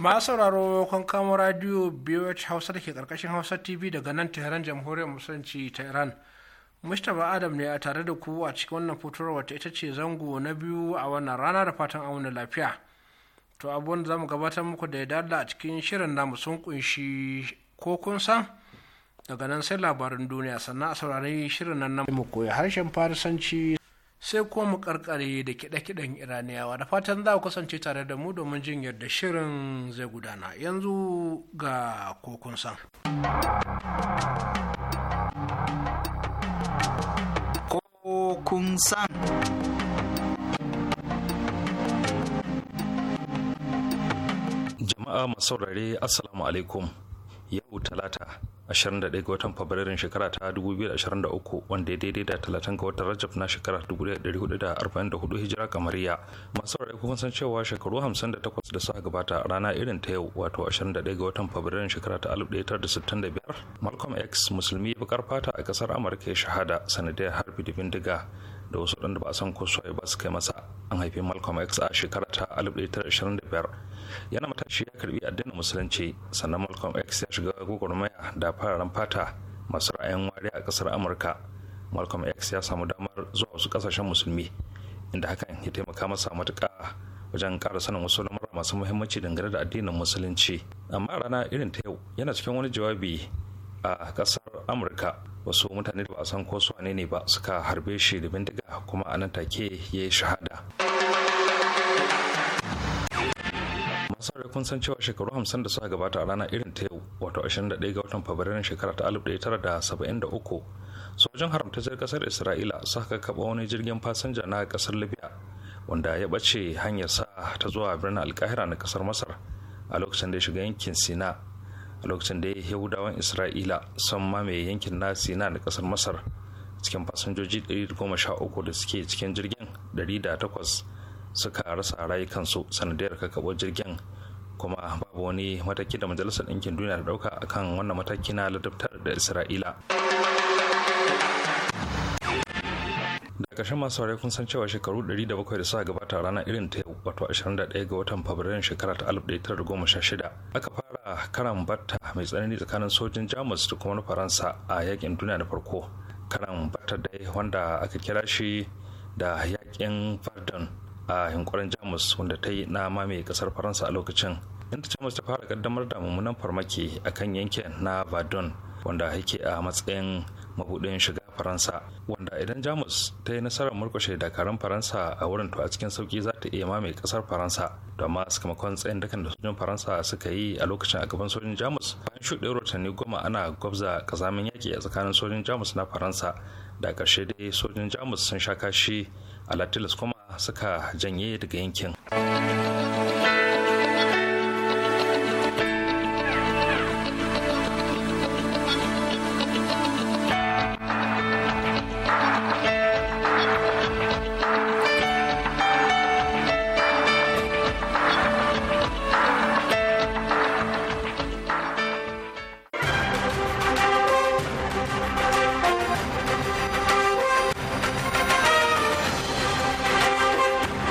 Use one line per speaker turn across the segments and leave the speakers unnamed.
ma sauraro kan kamo radio BOH Hausa da ke karkashin Hausa TV daga nan Tehran Jamhuriyar Musulunci ta Iran. Mustapha Adam ne a tare da ku a cikin wannan fitowar wata ita ce zango na biyu a wannan rana da fatan auna lafiya. To abubuwan da mu gabatar muku da ya dala a cikin shirin namu sun kunshi ko kun san daga nan sai labarin duniya sannan a saurari shirin nan na mu koyi harshen farisanci sai kuma mu karkare da kiɗe-kiɗen iraniyawa da fatan za ku kasance tare da mu domin jin yadda shirin zai gudana yanzu ga kokun san
kokun san
jama'a masaurare assalamu alaikum yau talata 21 ga watan fabrairun shekara ta 2023 wanda ya daidai da talatin ga watan rajab na shekara 1444 hijira kamariya masu rai kuma san cewa shekaru 58 da suka gabata rana irin ta yau wato 21 ga watan fabrairun shekara ta 1965 malcolm x musulmi bakar fata a kasar amurka ya shahada sanadiyar harbi da bindiga da wasu waɗanda ba a san ko suwaye ba su kai masa an haifi malcolm x a shekara ta 1925 yana matashi ya karbi addinin musulunci sannan malcolm x ya shiga gwagwarmaya da fararen fata masu ra'ayin wari a ƙasar amurka malcolm x ya samu damar zuwa wasu kasashen musulmi inda hakan ya taimaka masa matuƙa wajen ƙara sanin wasu lamura masu muhimmanci dangane da addinin musulunci amma rana irin ta yau yana cikin wani jawabi a ƙasar amurka wasu mutane da ba a san ko su ne ba suka harbe shi da bindiga kuma a nan take ya yi shahada masarar kun san cewa shekaru 50 da suka gabata a ranar irin ta yau wato 21 ga watan fabrairun shekara ta 1973 sojan zai kasar isra'ila suka kaba wani jirgin fasinja na kasar libya wanda ya bace hanyar sa ta zuwa birnin alkahira na kasar masar a lokacin da ya shiga yankin sina a lokacin da ya yahudawan isra'ila sun mamaye yankin na sina da kasar masar cikin fasinjoji 113 da suke cikin jirgin 108 suka rasa rayukansu sanadiyar kakabar jirgin kuma babu wani mataki da majalisar ɗinkin duniya da ɗauka akan wannan mataki na ladabtar da isra'ila da ƙarshen masu saurari kun san cewa shekaru 107 da suka gabata rana irin ta yau wato 21 ga watan fabrairun shekara ta 1916 aka fara karan batta mai tsanani tsakanin sojin jamus da kuma na faransa a yakin duniya na farko karan batta dai wanda aka kira shi da yakin fardon a yunkurin jamus wanda ta yi na mamaye kasar faransa a lokacin inda jamus ta fara kaddamar da mummunan farmaki a kan yankin na verdun wanda yake a matsayin mabuɗin shiga faransa wanda idan jamus ta yi nasarar murkushe dakarun faransa a wurin to a cikin sauki za ta iya mamaye kasar faransa da ma sakamakon tsayin dakan da sojin faransa suka yi a lokacin a gaban sojin jamus bayan shuɗe rotanni goma ana gwabza kazamin yaƙi a tsakanin sojin jamus na faransa da ƙarshe dai sojin jamus sun sha kashi a latilas kuma suka janye daga yankin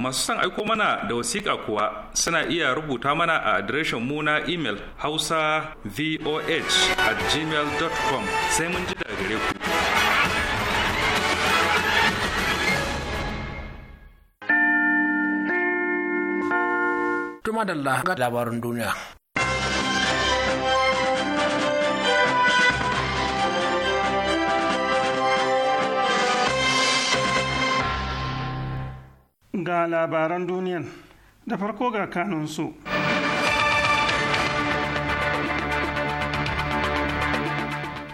masu son aiko mana da wasiƙa kuwa suna iya rubuta mana a adireshin mu na imel hausa voh at gmail.com sai mun ji daga gare ku.
Tuma da labarin duniya.
ga labaran duniyan da farko ga kanunsu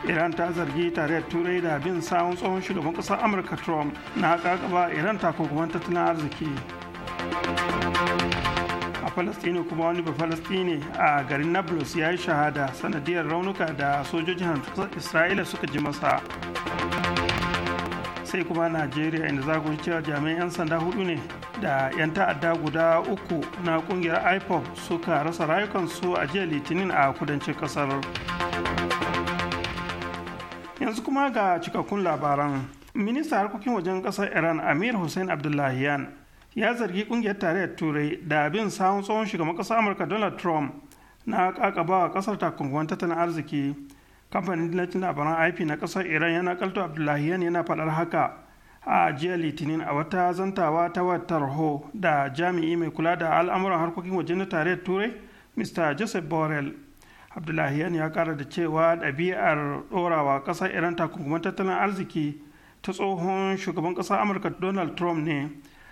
iran ta zargi tare turai da bin sawun tsohon shugaban ƙasar amurka trump na kakaba iran ta takunkuman tattalin arziki a falastini kuma wani ba falastini a garin nablus ya yi shahada sanadiyar raunuka da sojojin hantar isra'ila suka ji masa sai kuma najeriya inda za ku cewa jami'an 'yan sanda hudu ne da 'yan ta'adda guda uku na kungiyar ipop suka rasa rayukansu a jiya litinin a kudancin kasar yanzu kuma ga cikakkun labaran ministan harkokin wajen kasar iran amir hussein abdullahiyan ya zargi kungiyar tarayyar turai da bin sahun tsohon shugaban kasar amurka donald trump na kakabawa kasar takunguwan tattalin arziki kamfanin dillacin labaran ip na kasar iran yana kalto yan yana faɗar haka a jiya litinin a wata zantawa ta watar ho da jami'i mai kula da al'amuran harkokin waje na tarayyar turai mr joseph borrell abdullahiyan ya kara da cewa ɗabi'ar ɗorawa ƙasar iran takunkuman tattalin arziki ta tsohon shugaban ƙasar amurka donald trump ne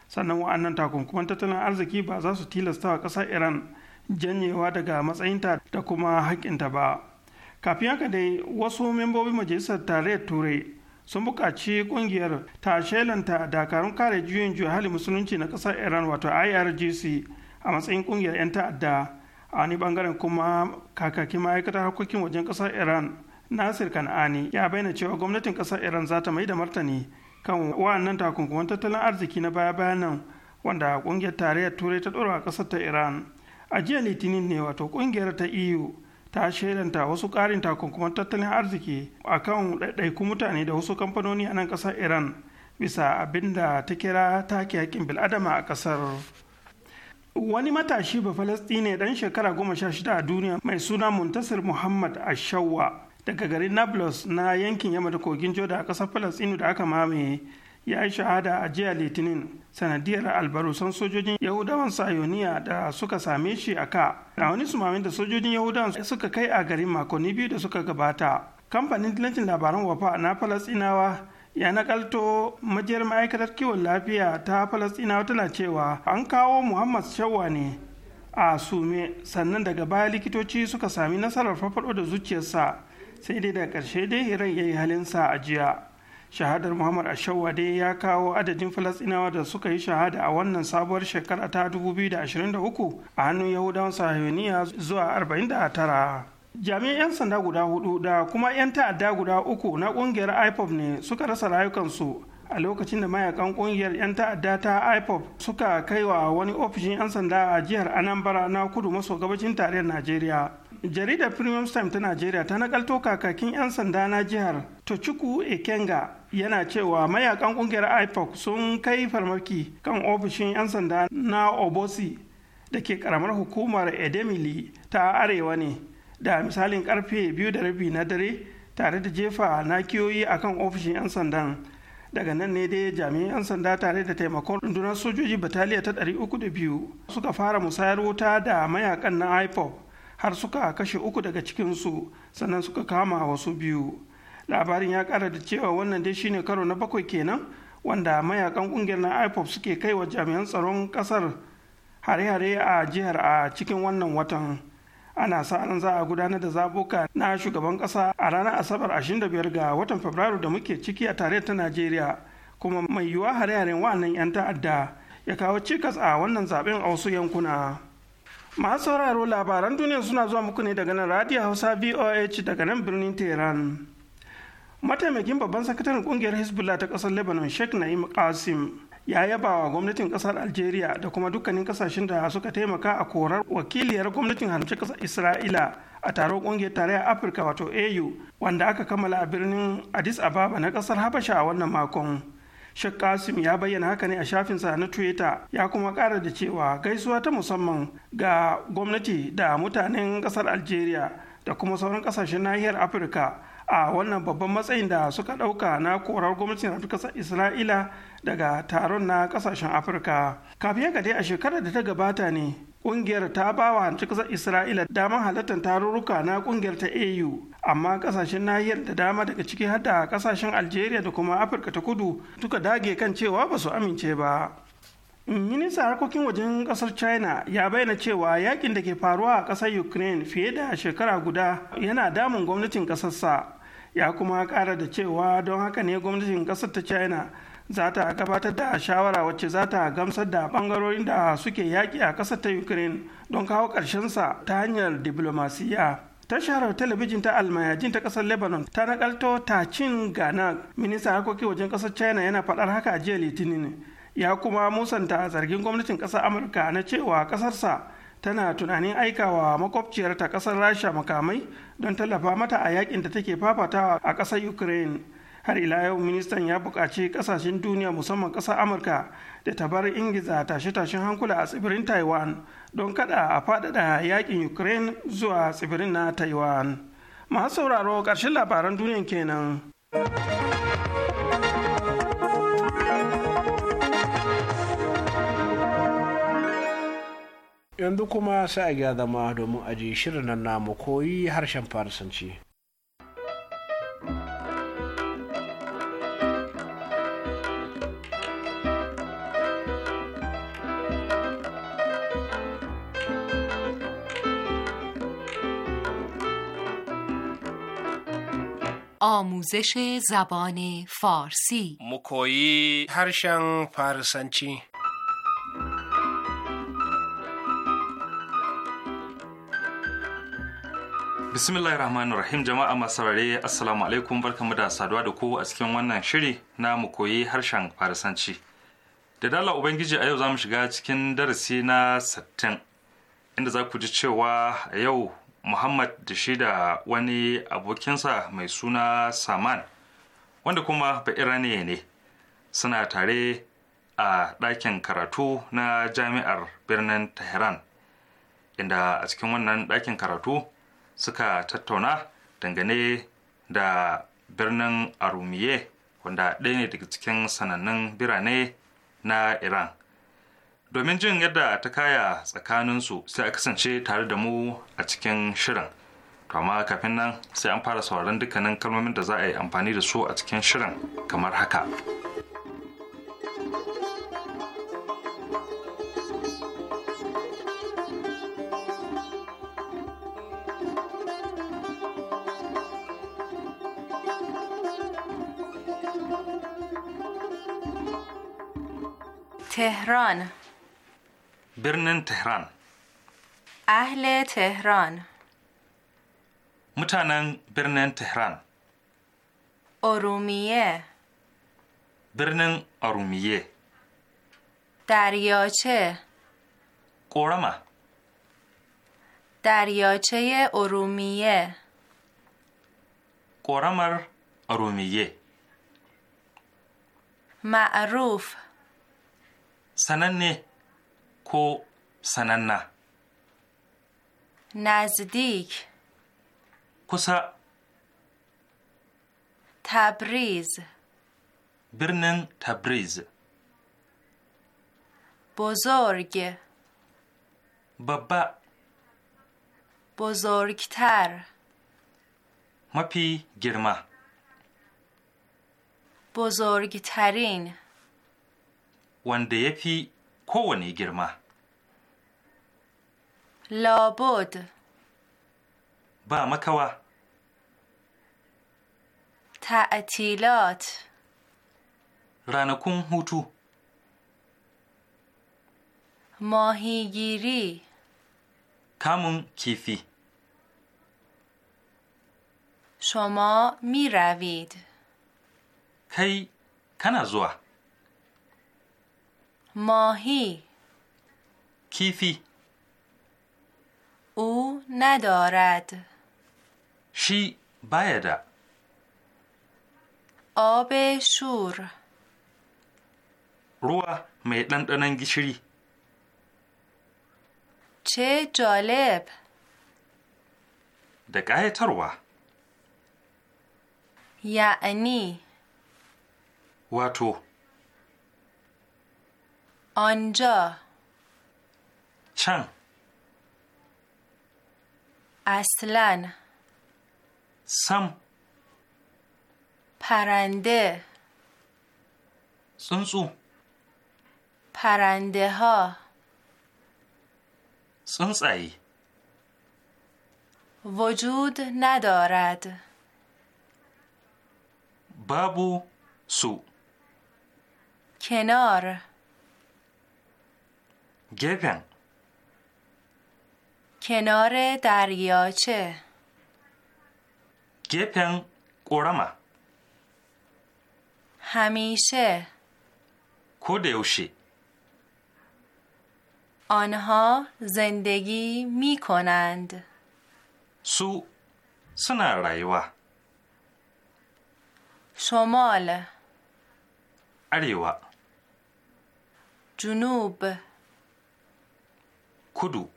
sannan wa'annan takunkuman tattalin arziki ba za su tilasta wa ƙasar iran janyewa daga matsayinta da kuma haƙƙinta ba kafin haka dai wasu membobin majalisar tarayyar turai sun buƙaci ƙungiyar ta shelanta dakarun kare juyin juya hali musulunci na ƙasar iran wato irgc a matsayin ƙungiyar 'yan ta'adda a wani bangaren kuma kakakin ma'aikatar harkokin wajen ƙasar iran nasir kan'ani ya bayyana cewa gwamnatin ƙasar iran za ta mai da martani kan wa'annan takunkuman tattalin arziki na baya-bayan nan wanda ƙungiyar tarayyar turai ta ɗora a ƙasar ta iran a jiya litinin ne wato ƙungiyar ta eu ta shaidanta wasu ƙarin takunkuman tattalin arziki a kan ɗaiɗaiku mutane da wasu kamfanoni a nan ƙasar iran bisa abin da ta kira take yakin bil'adama a ƙasar wani matashi ba falastine ɗan shekara goma sha shida a duniya mai suna muntasir muhammad ashawa daga garin nablus na yankin yamma da kogin joda a ƙasar falastinu da aka mamaye ya yi shahada a jiya litinin sanadiyar albarusan sojojin yahudawan sayoniya da suka same shi a ka a wani sumamin da sojojin yahudawan suka kai a garin makonni biyu da suka gabata kamfanin dilancin labaran wafa na falastinawa ya nakalto majiyar ma'aikatar kiwon lafiya ta falastinawa tana cewa an kawo muhammad shawwa ne a sume sannan daga baya likitoci suka sami nasarar farfaɗo da zuciyarsa sai dai da ƙarshe dai ran ya yi halinsa a jiya shahadar muhammad ashawa dai ya kawo adadin falasinawa da suka yi shahada a wannan sabuwar shekara ta 2023 a hannun yahudawan sahiyoniya zuwa 49 jami'an 'yan sanda guda hudu da kuma 'yan ta'adda guda uku na kungiyar ipop ne suka rasa rayukansu a lokacin da mayakan kungiyar 'yan ta'adda ta ipop suka kaiwa wani ofishin 'yan sanda a jihar Anambara na kudu maso gabashin tarayyar najeriya jaridar premium time ta najeriya ta nakalto kakakin 'yan sanda na jihar tochukwu ekenga yana cewa mayakan kungiyar ipoc sun kai farmaki kan ofishin 'yan sanda na obosi da ke karamar hukumar edemili ta arewa ne da misalin karfe biyu da rabi na dare tare da jefa nakiyoyi kan ofishin 'yan sandan daga nan ne dai jami'an 'yan sanda tare da taimakon rundunar sojoji bataliya ta 302 suka fara musayar wuta da mayakan na ipop har suka kashe uku daga cikinsu sannan suka kama wasu biyu labarin ya kara da cewa wannan dai shine karo na bakwai kenan wanda mayakan kungiyar na ipop suke kai wa jami'an tsaron kasar hare-hare a jihar a cikin wannan watan ana sa ran za a gudanar da zabuka na shugaban ƙasa a ranar asabar 25 ga watan fabrairu da muke ciki a tare ta najeriya kuma mai yiwuwa hare-haren wa'annan 'yan ta'adda ya kawo cikas a wannan zaɓen a wasu yankuna. masu sauraro labaran duniya suna zuwa muku ne daga nan radio hausa voh daga nan birnin tehran mataimakin babban sakataren kungiyar hezbollah ta kasar lebanon sheikh na'im qasim ya yaba wa gwamnatin kasar algeria da kuma dukkanin kasashen da suka taimaka a korar wakiliyar gwamnatin haramci kasar isra'ila a taron kungiyar tarayyar afirka wato au wanda aka kammala a birnin addis ababa na kasar habasha a wannan makon Sheikh Kasim ya bayyana haka ne a shafinsa na Twitter ya kuma ƙara da cewa gaisuwa ta musamman ga gwamnati da mutanen ƙasar Algeria da kuma sauran ƙasashen nahiyar Afirka a wannan babban matsayin da suka ɗauka na korar gwamnatin Afirka Isra'ila daga taron na ƙasashen Afirka. Kafin ya dai a shekarar da ta gabata ne kungiyar ta ba wa hanci kasar isra'ila damar halartar tarurruka na kungiyar ta au amma kasashen nahiyar da dama daga ciki har da kasashen algeria da kuma afirka ta kudu duka dage kan cewa ba su amince ba ministan harkokin wajen kasar china ya bayyana cewa yakin da ke faruwa a kasar ukraine fiye da shekara guda yana damun gwamnatin kasarsa ya kuma kara da cewa don haka ne gwamnatin kasar ta china za ta gabatar da shawara wacce za ta gamsar da bangarorin da suke yaƙi a ƙasar ta ukraine don kawo ƙarshen sa ta hanyar diplomasiya tashar talabijin ta almayajin ta ƙasar lebanon ta nakalto cin gana minista harkokin wajen ƙasar china yana faɗar haka a jiya litinin ya kuma musanta zargin gwamnatin ƙasar amurka na cewa ƙasarsa tana tunanin aikawa makwabciyarta ƙasar rasha makamai don tallafa mata a yakin da take fafatawa a ƙasar ukraine har ila yau ministan ya buƙaci ƙasashen duniya musamman ƙasar amurka da ta bar ingiza tashe-tashen hankula a tsibirin taiwan don kada a faɗaɗa yakin ukraine zuwa tsibirin na taiwan masu sauraro ƙarshen labaran duniya kenan
yanzu kuma sai a gyara zama domin aji shirin nan namu koyi harshen farisanci
آموزش زبان فارسی
مکویی هرشن فارسنچی
bismillahir rahmanir rahim jama'a masu saurare assalamu alaikum barkamu da saduwa da ku a cikin wannan shiri na mu koyi harshen farisanci da dala ubangiji a yau za mu shiga cikin darasi na 60 inda za ku ji cewa a yau muhammad da shi da wani abokinsa mai suna saman wanda kuma ne ne suna tare a ɗakin karatu na jami'ar birnin tehran inda a cikin wannan ɗakin karatu suka tattauna dangane da birnin arumiye wanda ɗaya ne daga cikin sanannun birane na iran domin jin yadda ta kaya tsakaninsu sai a kasance tare da mu a cikin shirin to amma kafin nan sai an fara sauran dukkanin kalmomin da za a yi amfani da su a cikin shirin kamar haka
تهران
برنن تهران
اهل تهران
متانن برنن تهران
ارومیه
برنن ارومیه
دریاچه قورما دریاچه ارومیه
قورمر ارومیه
معروف
سننه ko sananna
nazdik kusa tabriz
birnin tabriz
bozorg
babba
bozorgtar
mafi girma
bozorgtarin
wanda ya fi kowane girma.
Labod.
Ba makawa.
Ta'atilat.
Ranakun hutu.
Mahigiri.
Kamun kifi.
Shoma miravid.
Kai, kana zuwa.
ماهی کیفی او ندارد
شی باید
آب شور
روا می دندنن شری
چه جالب
دکه تروا
یعنی واتو آنجا چن اصلا سم پرنده سنسو پرنده ها
سنسعی
وجود ندارد
بابو سو
کنار گپنگ کنار دریاچه
گپن قرما
همیشه
کودوشی
آنها زندگی می کنند
سو سنا
شمال اریوا جنوب kudu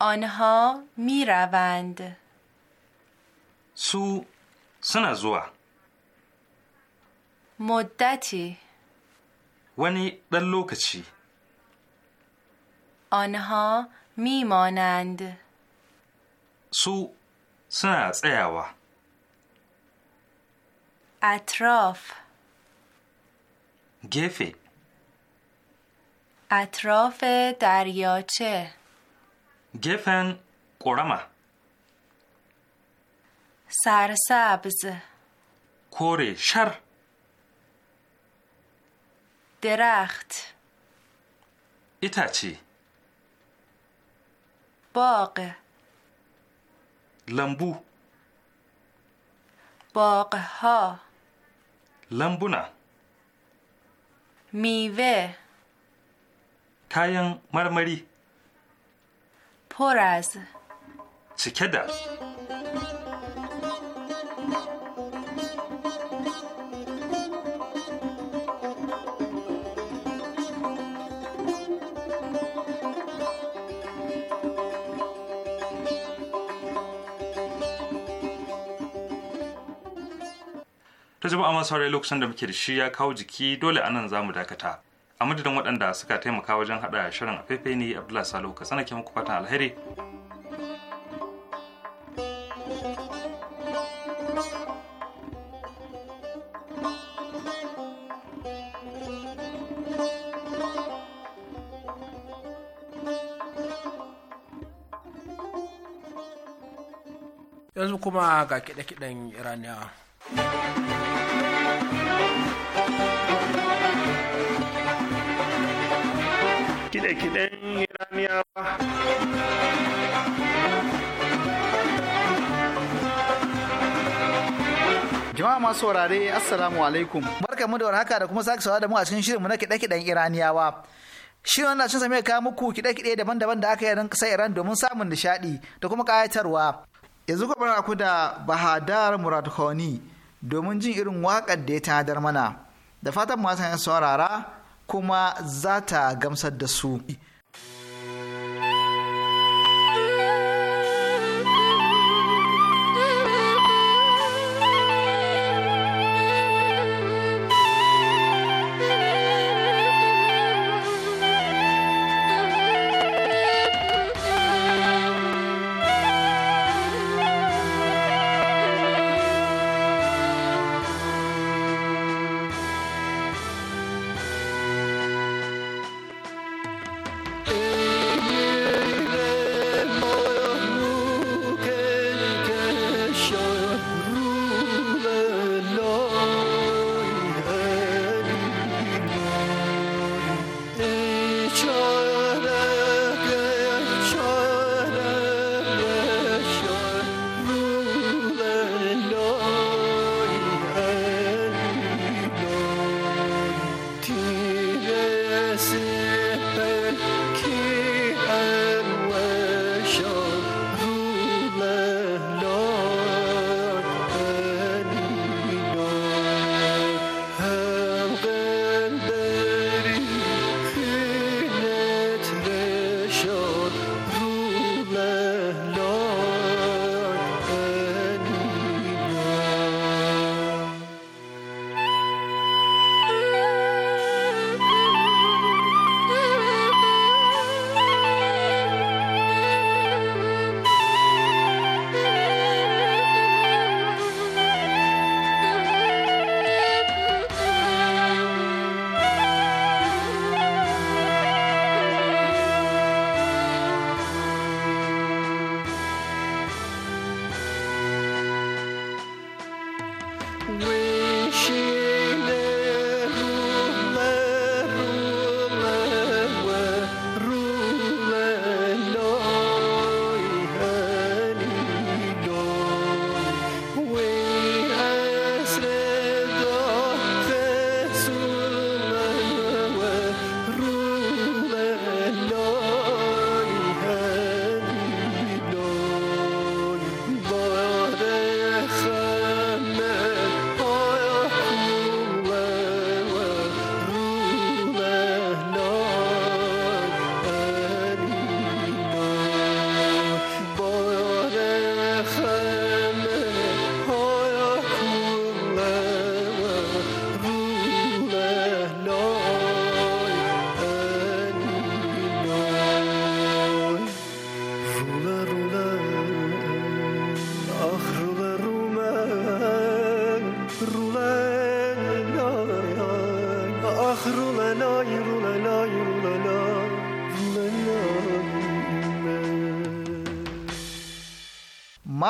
آنها می روند
سو سنا زوا
مدتی
ونی در لوکچی
آنها می مانند
سو سنا تسیاوا
اطراف گفه اطراف دریاچه
گفن قرمه
سرسبز
کوری شر
درخت
ایتاچی باغ لمبو
باغ ها لمبونا میوه
kayan marmari
Poras.
cike da ta jama'a masu lokacin da muke da shi ya kawo jiki dole anan za mu dakata a madadin waɗanda suka taimaka wajen haɗa shirin a faifai ne abdullahi salo ka sanake muku fatan alheri
yanzu kuma ga kiɗe-kiɗen iraniya
kiɗe iraniyawa jama'a masu saurare assalamu alaikum barkamu da warhaka da kuma sake saurara da mu a cikin shirinmu na kiɗe-kiɗen iraniyawa shirin wannan cin same kawo muku kiɗe-kiɗe daban-daban da aka yi ran kasa iran domin samun nishaɗi da kuma kayatarwa? yanzu ku bar ku da bahadar murad khoni domin jin irin waƙar da ya tanadar mana da fatan masu saurara kuma za ta gamsar da su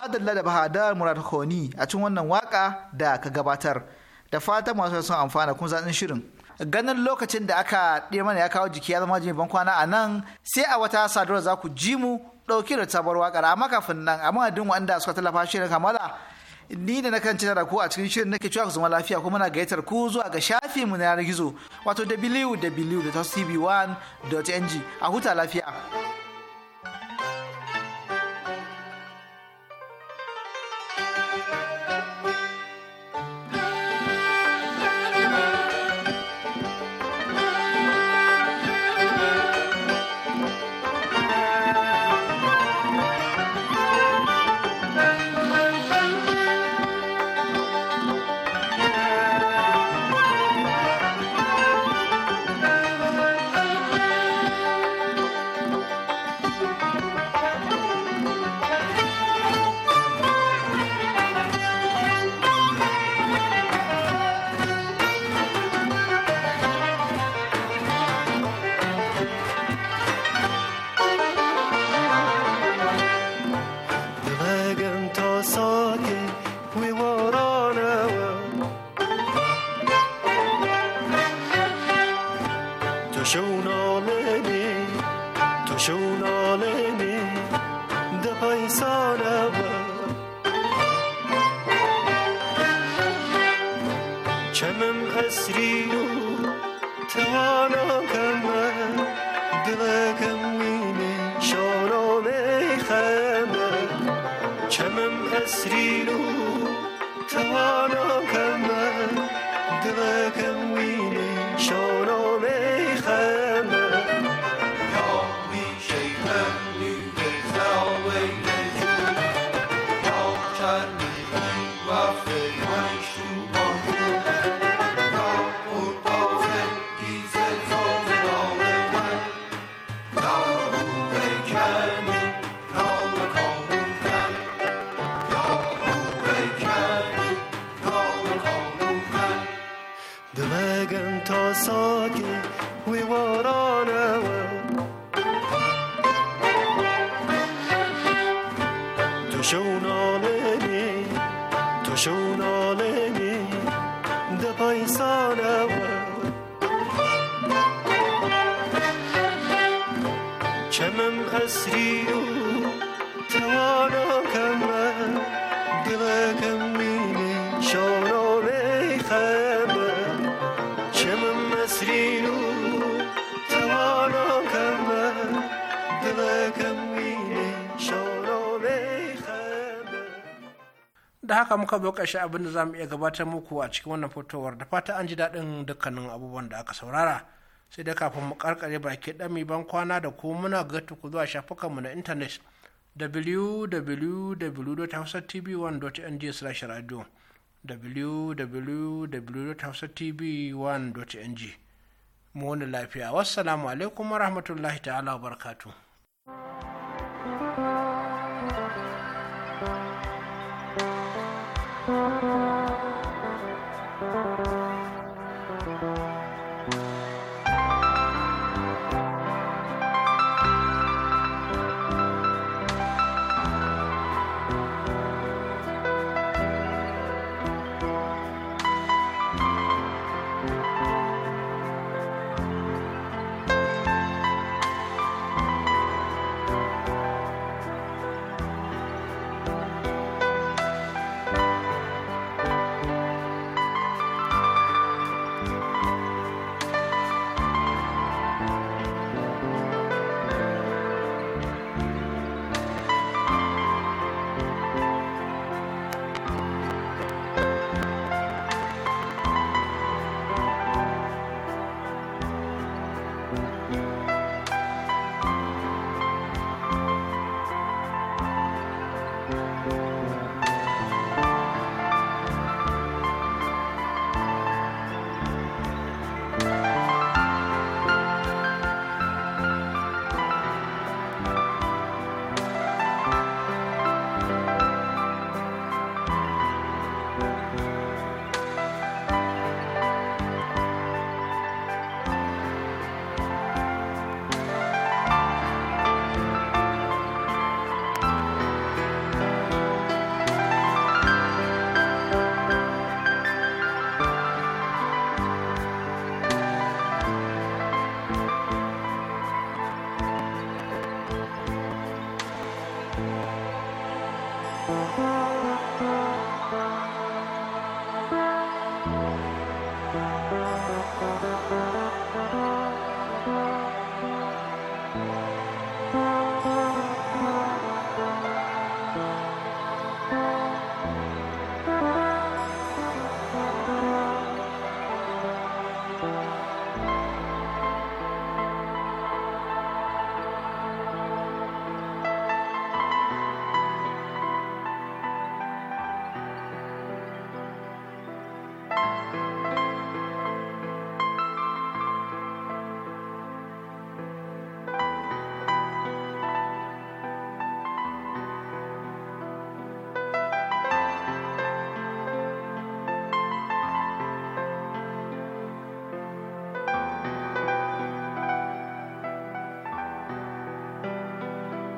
madalla da bahadar murad honi a cikin wannan waka da ka gabatar da fata masu sun amfana kun zaɗin shirin ganin lokacin da aka ɗaya mana ya kawo jiki ya zama ban kwana a nan sai a wata sadarwa za ku ji mu ɗauki da tabar waƙar amma kafin nan a madadin wanda suka tallafa shirin kamala ni da na kan da ku a cikin shirin nake cewa ku zama lafiya kuma na gayyatar ku zuwa ga shafi mu na yanar gizo wato www.tv1.ng a huta lafiya.
کمم اسری و
haka muka zo ƙarshe abin da za mu iya gabatar muku a cikin wannan fitowar da fata an ji daɗin dukkanin abubuwan da aka saurara sai da kafin mu karkare baki ɗami ban kwana da ko muna ga ku zuwa mu na intanet www.hausatv1.ng/radio www.hausatv1.ng mu wani lafiya wassalamu alaikum warahmatullahi ta'ala wa